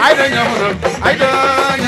I don't know. I don't know.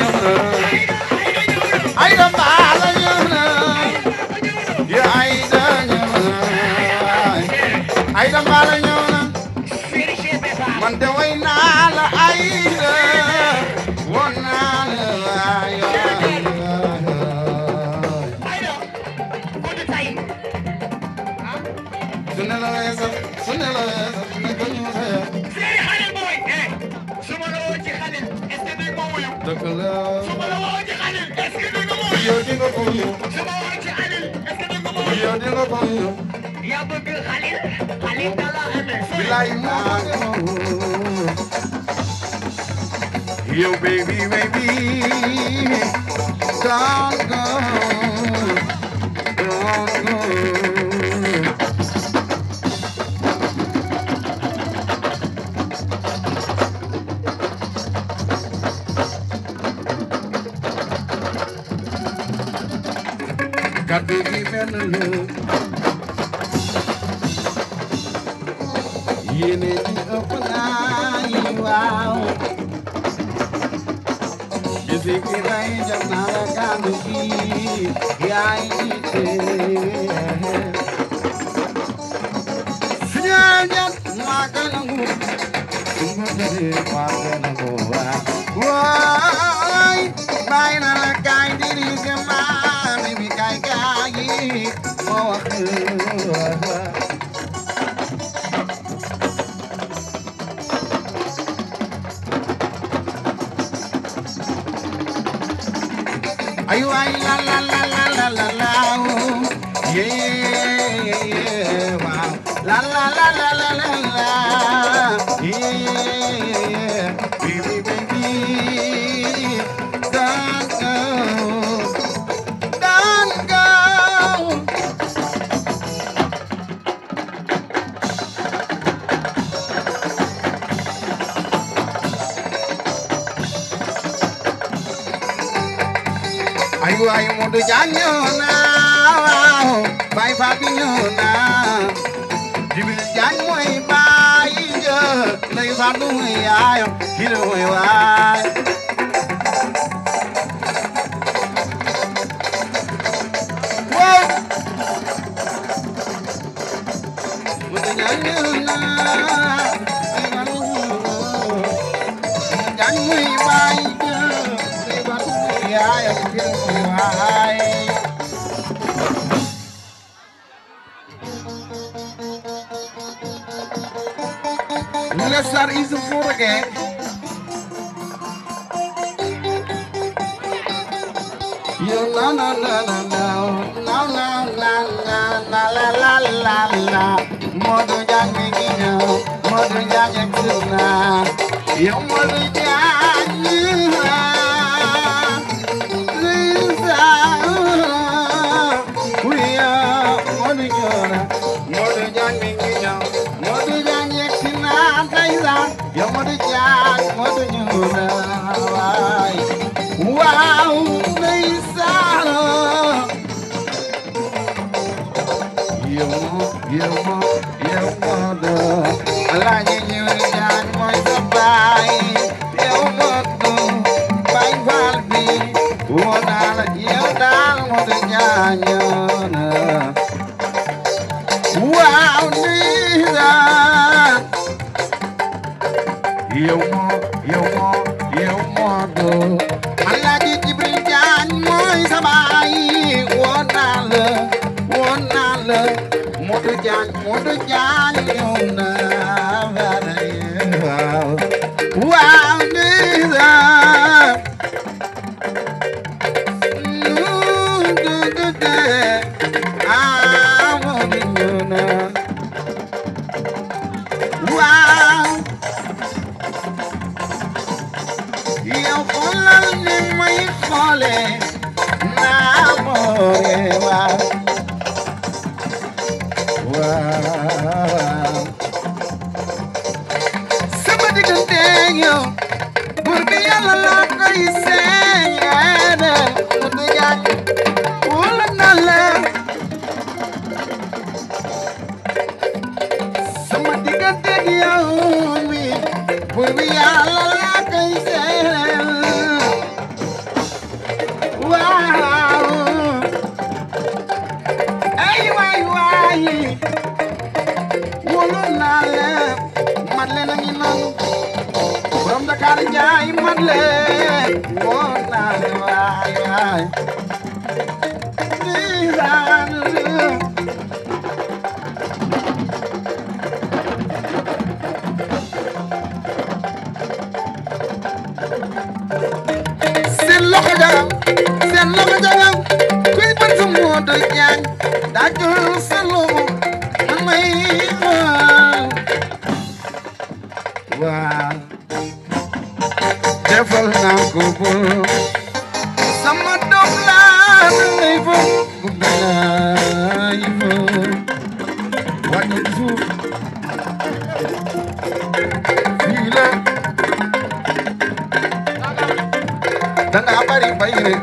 Thank you. yaa bëgg xalil xalil dala amee. bilaay moo yow baby baby down go down go. nañu yéene ji ëpp naa yi waaw bisiki ray jam naa la kàddu gi yaay jiite suñaa jat maa ka nangu suma jëlee maa ka nangu waay baay na waay la la la nuhi ayo kiruhi wai Yeah. daar is de vorige. Yo la la la la la la la la la la la la la Modu jang mi gino, modu jang ek suna Yo modu jang mudu jaali um na wàcce ci suuf fii la danga bari bay rek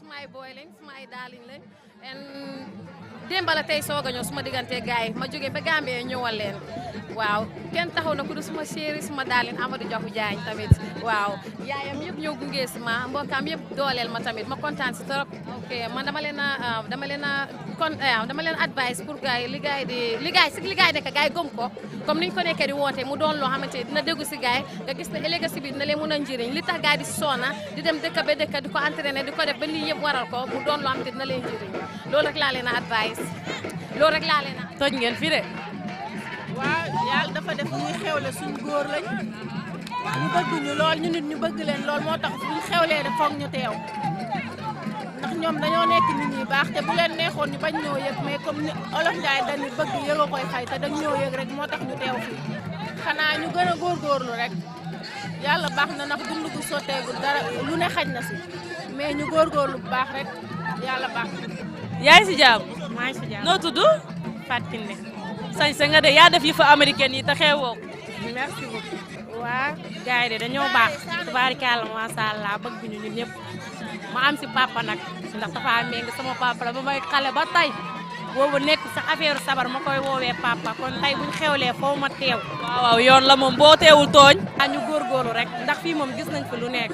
they my boy lañ my darling lañ and démba la tey soog a ñëw suma diggante gaay ma jóge ba Gambie ñëwal leen waaw kenn taxaw na ku du suma chéri suma darling Amadou Diakhou Diagne tamit waaw yaayam yëpp ñëw gunge si ma mbokkaam yëpp dooleel ma tamit ma kontaan si trop ok man dama leen a ah, a kon eh, ah, dama leen advice pour gars yi li gars yi di li gars yi si li gars yi nekk gars yi gëm ko comme niñ ko nekkee di woote mu doon loo xamante ni dina déggu si gars yi nga gis na ëllëg si biir dina leen mën li tax gars yi lii yëpp waral ko mu doon lu am te dina leen jëriñ loolu rek laa leen a advice loolu rek laa leen a. toj ngeen fi de. waaw yàlla dafa def ñuy xewle suñu góor lañ ñu bëgg ñu lool ñu nit ñu bëgg leen lool moo tax buñ xewlee rek foog ñu teew ndax ñoom dañoo nekk nit ñi baax te bu leen neexoon ñu bañ ñoo yëg mais comme ni olof Njaay dañu bëgg yëgoo koy fay te dañ ñoo yëg rek moo tax ñu teew fii xanaa ñu gën a góorgóorlu rek. yàlla baax na ndax dund gu dara lu ne xaj na si mais ñu góorgóorlu bu baax rek yàlla yaa ngi si jàmm. maa ngi si jàmm noo tudd. nga de yaa def yi fa américaine yi te xeewoo merci beaucoup. waa gars yi de dañoo baax tubaarikàlla macha allah bëgg ñu ñun ñëpp ma am si papa nag ndax dafa amee nga sama papa la ba may xale ba tay boobu nekk sax affaire sabar ma koy woowee papa kon tey buñ xewlee foo ma teew waaw waaw yoon la moom boo teewul tooñ a ñu góorgóorlu rek ndax fii moom gis nañ fi lu nekk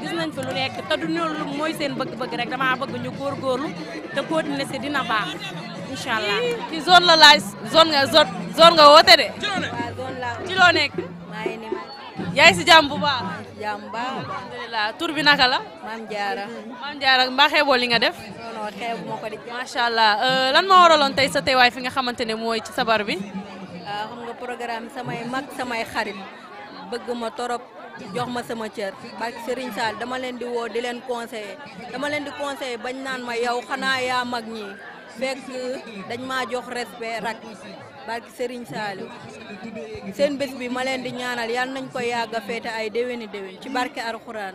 gis nañ fi lu nekk te du loolu mooy seen bëgg-bëgg rek dama bëgg ñu góorgóorlu te continuer si dina baax incha allah ci la laaj zone nga zone zone woote de ci yaay si jàmm bu baax jàmm baax tur bi naka la maam jaara maam jaara mbaa li nga def non xew ma ko di allah euh, lan moo waraloon tey sa teewaay fi nga xamante ne mooy ci sabar bi. Euh, xam nga programme samay mag samay xarit bëgg ma torop jox ma sama cër barke Serigne Sall dama leen di woo di leen conseiller dama leen di conseiller bañ naan ma yow xanaa yaa mag ñi fekk dañ ma jox respect rak barke Serigne Sall seen bés bi ma leen di ñaanal yal nañ ko yàgg a ay déwéni déwén ci barke Alxuraan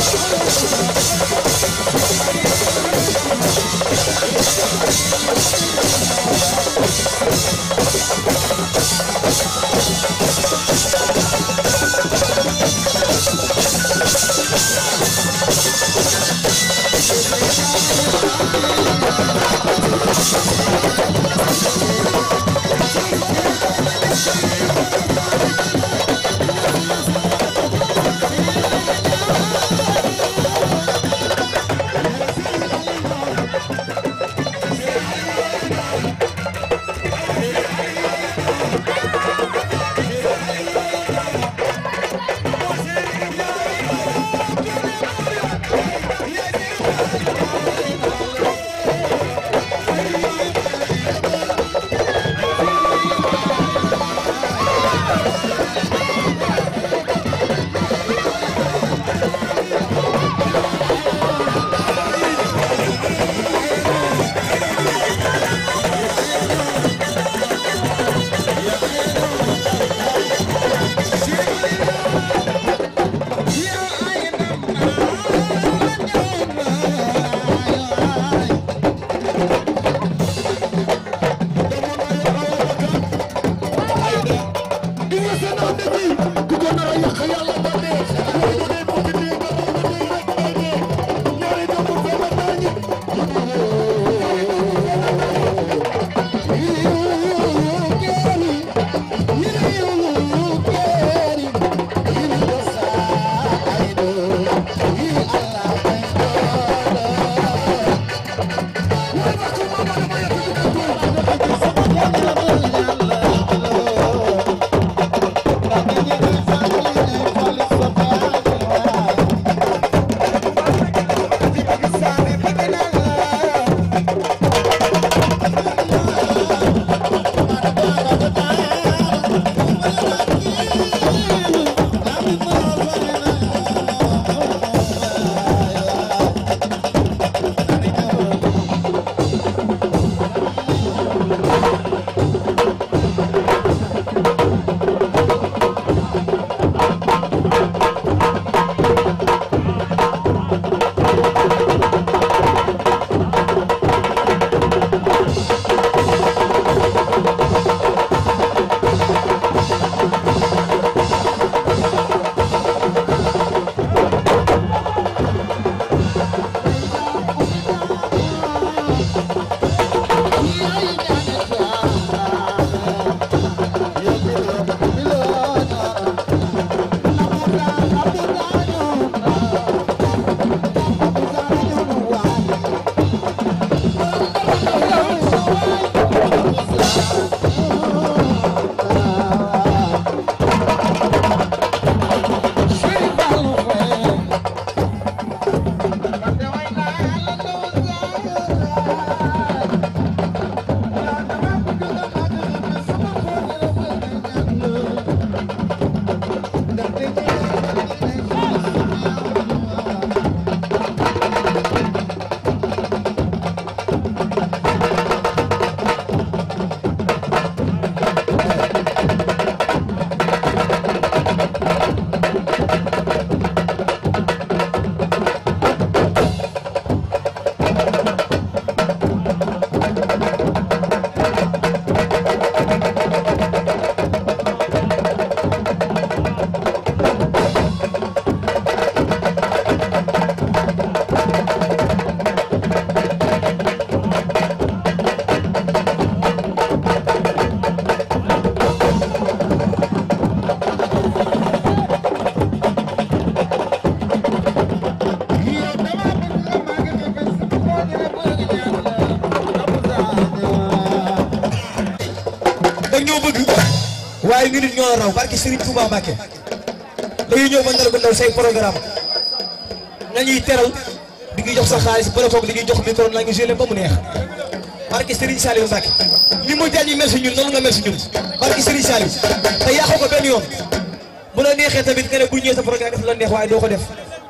ñu nit ñoo raw barki Serigne Touba Mbacké dañuy ñëw ba Ndargou Ndaw say programme nañuy teral sa xaalis ba la toog di ngi jox micro naa ngi jëlee ba mu neex ni mu jaay neexee tamit nga ne bu ñëwee sa programme def la neex waaye doo ko def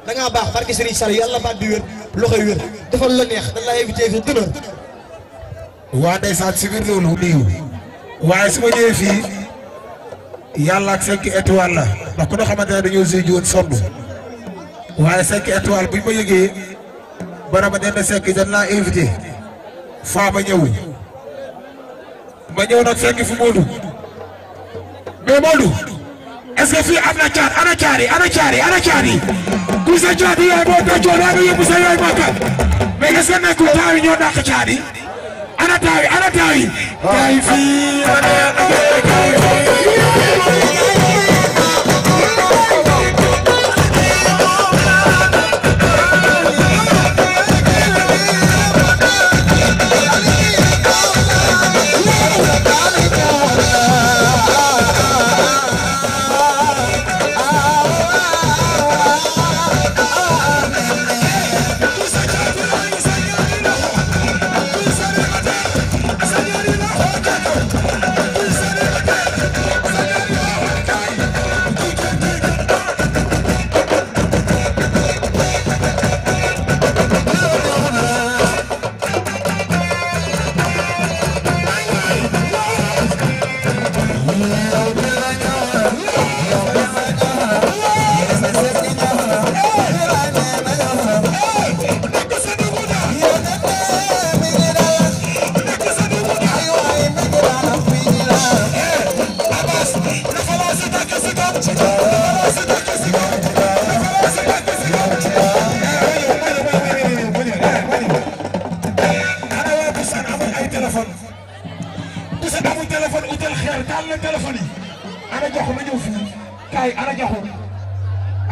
da baax barki Serigne Saliou yàlla baat bi wér loxoy wér defal la neex dañ laa si biir waaye su ma ñëwee fii yàlla ak cinq étoiles la ndax ku ne xamante ne dañoo siy jiwoon sonn waaye cinq étoiles buñ ma yëgee baraba denn sekk dañ faa ma ñëw ma ñëw nag fekk fi Modou mais Modou est-ce que fii am na caar ana yaay boo tëjoo daa nga yaay màkka mais est-ce que nekkul taaw ñoo dàq caar yi ana taaw yi ana taaw yi. taaw yi yi. Thank you.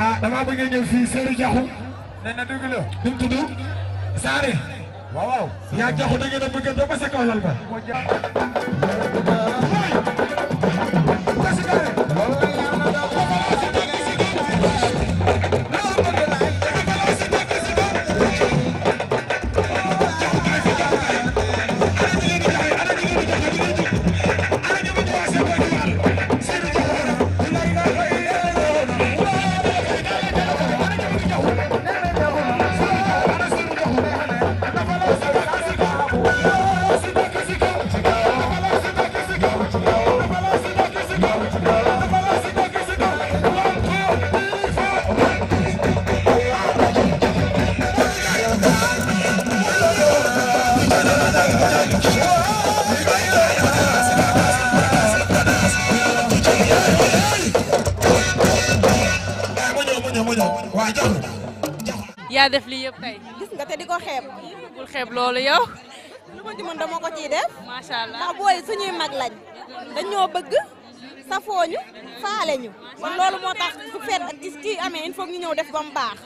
ah damaa bëgg a ñëw fii Seydou Diakhou. nee na dëgg la. nu mu tudd. Saare. waaw waaw. yaa Diakhou da ngeen a bëgg a ba sa kaw lal ba. yaa def lii yëpp tey. gis nga te di ko xeeb. bul xeeb loolu yow. lu ma ci mën dama ko ciy def. macha allah ndax booy suñuy mag lañ. dañoo bëgg. safoo ñu faale ñu. kon loolu moo tax su feet ak gis kii def ba mu baax.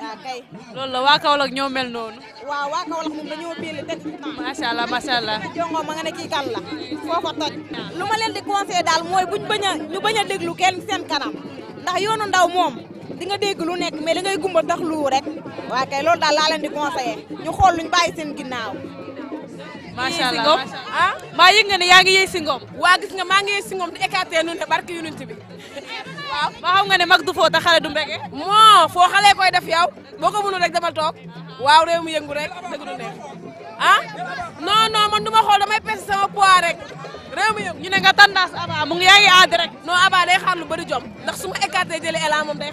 waaw kay. loolu la waa Kaolack ñoo mel noonu. waaw waa Kaolack moom dañoo béyale teg ci temps. macha allah macha allah. jongo ma nga ne kii kan la. foofa toj. lu ma leen di conseillé daal mooy buñ a ñu bañ a déglu kenn seen kanam. ndax yoonu ndaw moom di dégg lu nekk mais ngay gumba tax lu rek. waaw kay loolu daal laa leen di conseiller ñu xool luñ bàyyi seen ginnaaw. macha allah ah maa yëg nga ne yaa ngi yëy si waa gis nga maa ngi yëy si ngoom di écarté nu ne barki yunit bi waaw maa xam ne mag du foo xale du mbege. moo foo xale koy def yow boo ko mënul rek demal toog waaw réew mi yëngu rek dëgg du neex ah non man du ma xool damay pes sama poids rek réew mi yëngu ñu ne nga tendance Aba mu yaa ngi aad rek. non Aba day xaar lu bëri jom ndax su ma écarté jëlee élan moom day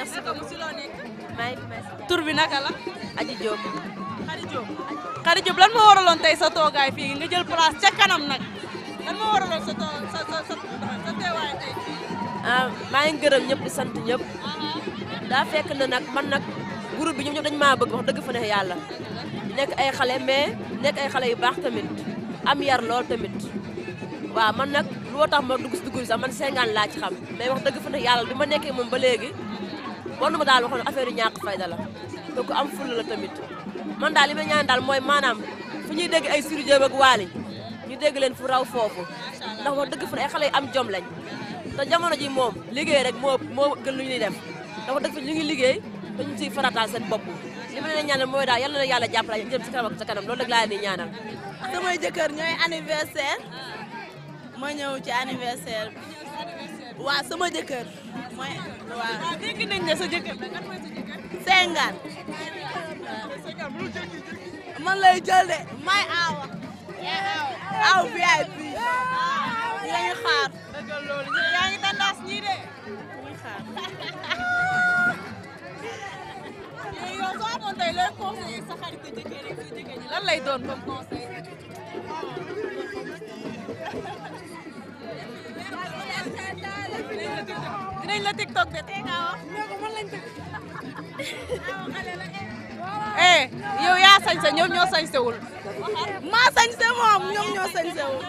merci beaucoup si loo nekk. maa ngi fi tur bi naka la. Aji Diop. Khady Diop. Khady Diop lan moo waraloon tey sa toogaay fii nga jël place ca kanam nag lan moo waraloon sa too sa ah, maa ngi gërëm ñëpp di sant ñëpp. Uh-huh. daa fekk na nag man nag groupe bi ñoom ñoom dañu maa bëgg wax dëgg fa ne yàlla. nekk ay xale mais nekk ay xale yu baax tamit am yar lool tamit waaw man nag loo tax ma dugg si dugg sax man 50 laa ci xam mais wax dëgg fa ne yàlla bi ma nekkee moom ba léegi. war na daal waxoon affaire yu ñàkk fayda la te am fulla tamit man daal li ma ñaan daal mooy maanaam fu ñuy dégg ay Sidy Diop ak Wally ñu dégg leen fu raw foofu ndax wax dëgg fa ay xale yu am jom lañ te jamono ji moom liggéey rek moo moo gën lu ñuy def ndax wax dëgg fa ñu ngi liggéey te ñu ciy farataal seen bopp li ma leen ñaanal mooy daal yal na yàlla jàppale ñu jëm ci kanam ak ca kanam loolu rek laa leen di ñaanal samay jëkkër ñooy anniversaire ma ci anniversaire bi waa sama jëkkër. mooy waaw dégg nañ ne sa jëkkër la lay jël de may aawa. aaw VIP. ñu ngi xaar. yaa ngi tandaas ñii de. doon comme conseil. dinañ la TikTok de tey nga wax. Eh, yaa sañse ñoom ñoo sañsewul. maa sañse moom ñoom ñoo sañsewul.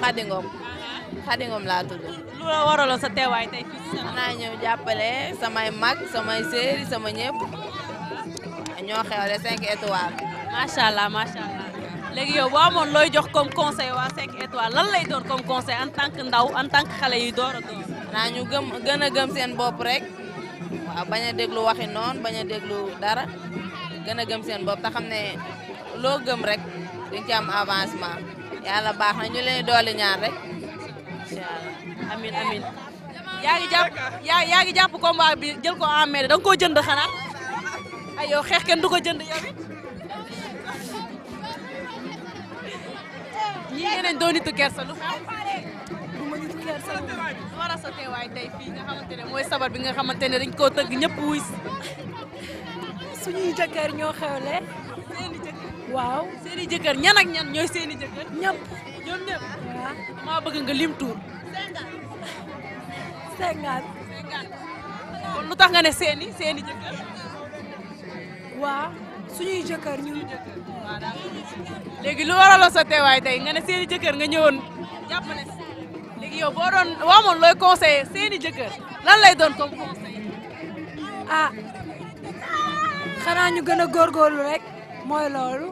laa tudd. lu la waraloon sa teewaay tey fii. naa ñëw jàppale samay mag samay séeri sama ñëpp. ñoo xewle cinq étoiles. macha allah macha allah. léegi yow boo amoon looy jox comme conseil waa 5 étoiles lan lay doon comme conseil en tant que ndaw en tant xale yi door doon. naa ñu gëm gën a gëm seen bopp rek waaw bañ a déglu waxi noonu bañ a déglu dara gën a gëm seen bopp te xam ne loo gëm rek du ci am avancement yàlla baax na ñu leen dool ñaan rek incha allah amin amin yaa ngi jàpp yaa yaa ngi jàpp combat bi jël ko en main da nga koo jënd xanaa ay yow kenn du ko jënd ñii nee nañ doo nitu kersa lu ma nitu kersa war a sa teewaay tey fii nga xamante ne mooy sabar bi nga xamante ne dañ koo tëgg ñëpp wuy suñuy jëkkër ñoo xewle seeni jëkkër waaw seeni ak ñan ñooy seeni ñëpp ñoom maa bëgg nga lim tuur cinquante lu tax nga ne seeni seeni jëkkër waaw suñuy jëkkër ñun léegi lu waraloon sa teewaay tey nga ne seeni jëkkër nga ñëwoon jàppale léegi yow boo doon waamoon looy conseillé seeni jëkkër lan lay doon comme conseil ah xanaa ñu gën a góorgóorlu rek mooy loolu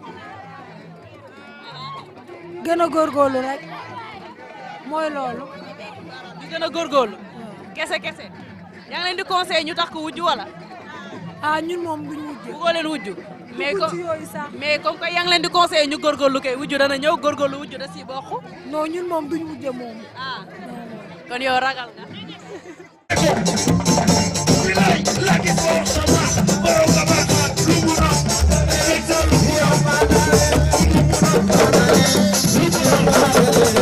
gën a góorgóorlu rek mooy loolu gën a góorgóorlu kese kese yaa ngi di conseillé ñu tax ko wujju wala ah ñun moom duñ mais comme mais comme que yaa ngi leen di conseillé ñu góorgóorlu kay wujju dana ñëw góorgóorlu wujju da si bokk. non ñun moom duñ wujje moom. ah kon yow ragal nga.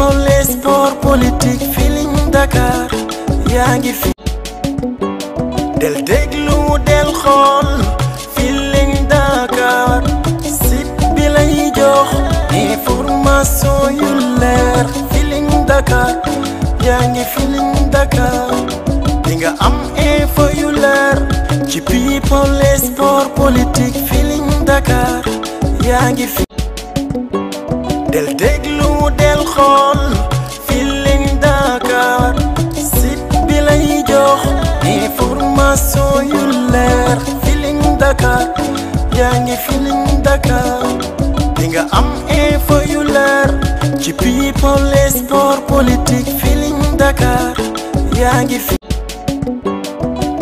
people sport politique Feeling Dakar yaa ngi fi del déglu del xool Feeling Dakar site bi lay jox yu leer Feeling Dakar yaa ngi Feeling Dakar nga am yu leer ci people sport politique Feeling Dakar yaa ngi fi del del xool Feeling Dakar site bi lay jox yu leer Feeling Dakar yaa ngi Feeling Dakar nga am yu leer ci people et sport politique Feeling Dakar yaa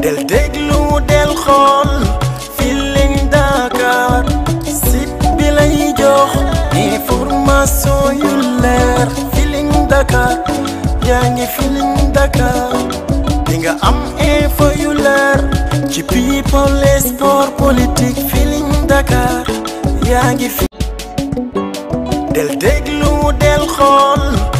del déglu del xool Feeling Dakar site bi lay jox Dakar yaa ngi Feeling Dakar di nga am info yu leer ci people les sport politique Feeling Dakar yaa ngi fi del déglu del xool